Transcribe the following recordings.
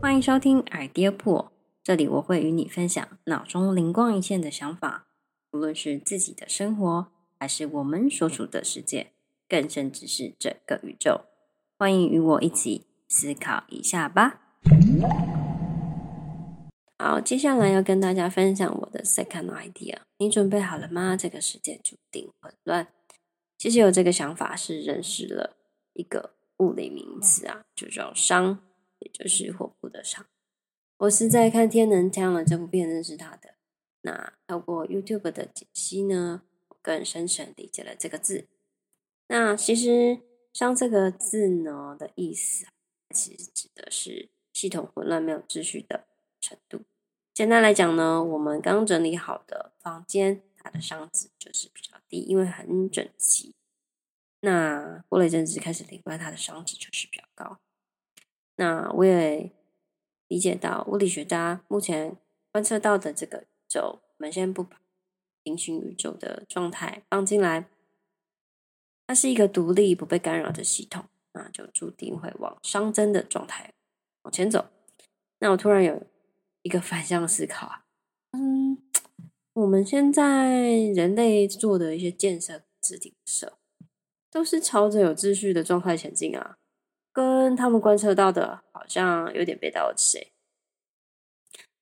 歡迎收聽《idea 破》，這裡我會與你分享腦中靈光一現的想法，無論是自己的生活，還是我們所處的世界，更甚至是整個宇宙。歡迎與我一起思考一下吧。好，接下來要跟大家分享我的 second idea。你準備好了嗎？這個世界注定混亂。其實有這個想法是認識了一個物理名詞啊，就叫熵。也就是火布的熵，我是在看《天能 Tenet》這部片認識他的。那透過 YouTube 的解析呢，我更深層理解了這個字。那其實“熵”這個字呢的意思，其實指的是系統混亂、沒有秩序的程度。簡單來講呢，我們剛整理好的房間，它的熵值就是比較低，因為很整齊。那過了一陣子，開始凌亂，它的熵值就是比較高。那我也理解到，物理學家目前觀測到的這個宇宙，我們先不把平行宇宙的狀態放進來，它是一個獨立不被干擾的系統，那就注定會往熵增的狀態往前走。那我突然有一個反向思考，啊，嗯，我們現在人類做的一些建設、制定的時候，都是朝着有秩序的狀態前進啊。跟他們觀測到的，好像有點背道而馳。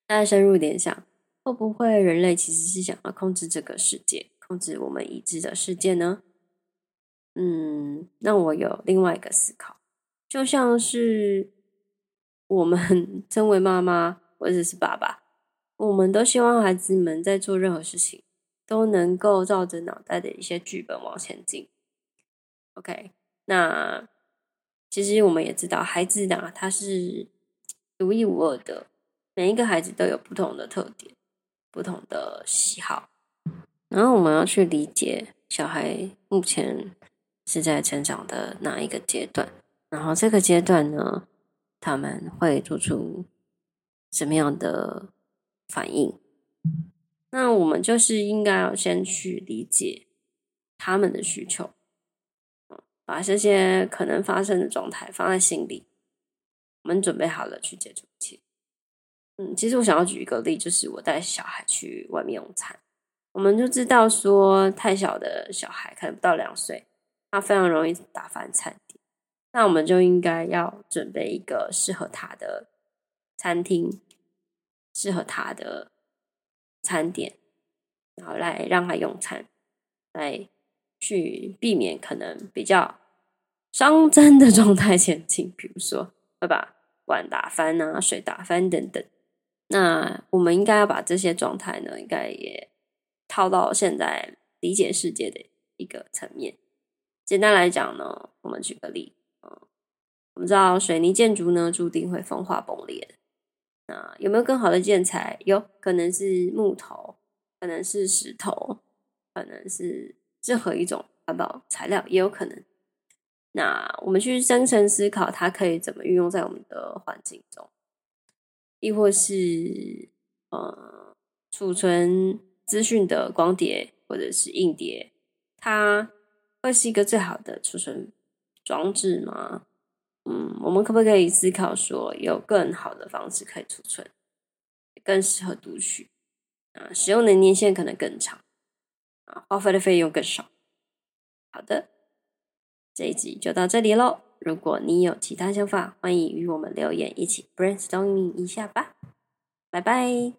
再深入點想，會不會人類其實是想要控制這個世界，控制我們已知的世界呢？嗯，那我有另外一個思考，就像是我們 身為媽媽或者是爸爸，我們都希望孩子們在做任何事情，都能夠照着腦袋的一些劇本往前進。OK，那。其實我們也知道，孩子啊，他是獨一無二的，每一個孩子都有不同的特點、不同的喜好。然後我們要去理解小孩目前是在成長的哪一個階段，然後這個階段呢，他們會做出什麼樣的反應？那我們就是應該要先去理解他們的需求。把這些可能發生的狀態放在心裡，我們準備好了去接觸。嗯，其實我想要舉一個例，就是我帶小孩去外面用餐，我們就知道說，太小的小孩，可能不到兩歲，他非常容易打翻餐點，那我們就應該要準備一個適合他的餐廳，適合他的餐點，然後來讓他用餐，來去避免可能比較。熵增的狀態前進，比如說會把碗打翻啊、水打翻等等。那我們應該要把這些狀態呢，應該也套到現在理解世界的一個層面。簡單來講呢，我們舉個例，嗯，我們知道水泥建築呢註定會風化崩裂，那有沒有更好的建材？有可能是木頭，可能是石頭，可能是任何一種環保材料，也有可能。那我們去深層思考，它可以怎麼運用在我們的環境中？亦或是，呃，儲存資訊的光碟，或者是硬碟，它會是一個最好的儲存裝置嗎？嗯，我們可不可以思考說，有更好的方式可以儲存，更適合讀取？啊，使用的年限可能更長，啊，花費的費用更少。好的。這一集就到這裡嘍！如果你有其他想法，歡迎與我們留言，一起 brainstorming 一下吧！拜拜。